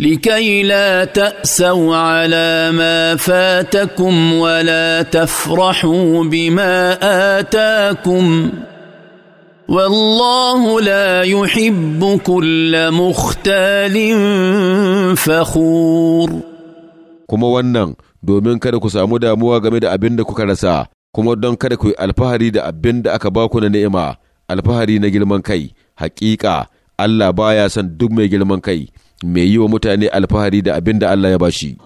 لكي لا تاسوا على ما فاتكم ولا تفرحوا بما اتاكم والله لا يحب كل مختال فخور kuma wannan domin kada ku samu damuwa game da abin da kuka rasa kuma don kada ku yi alfahari da abin da aka baku na ni'ima alfahari na girman kai hakika Allah baya son duk mai girman kai mai yi wa mutane alfahari da abin da Allah ya bashi.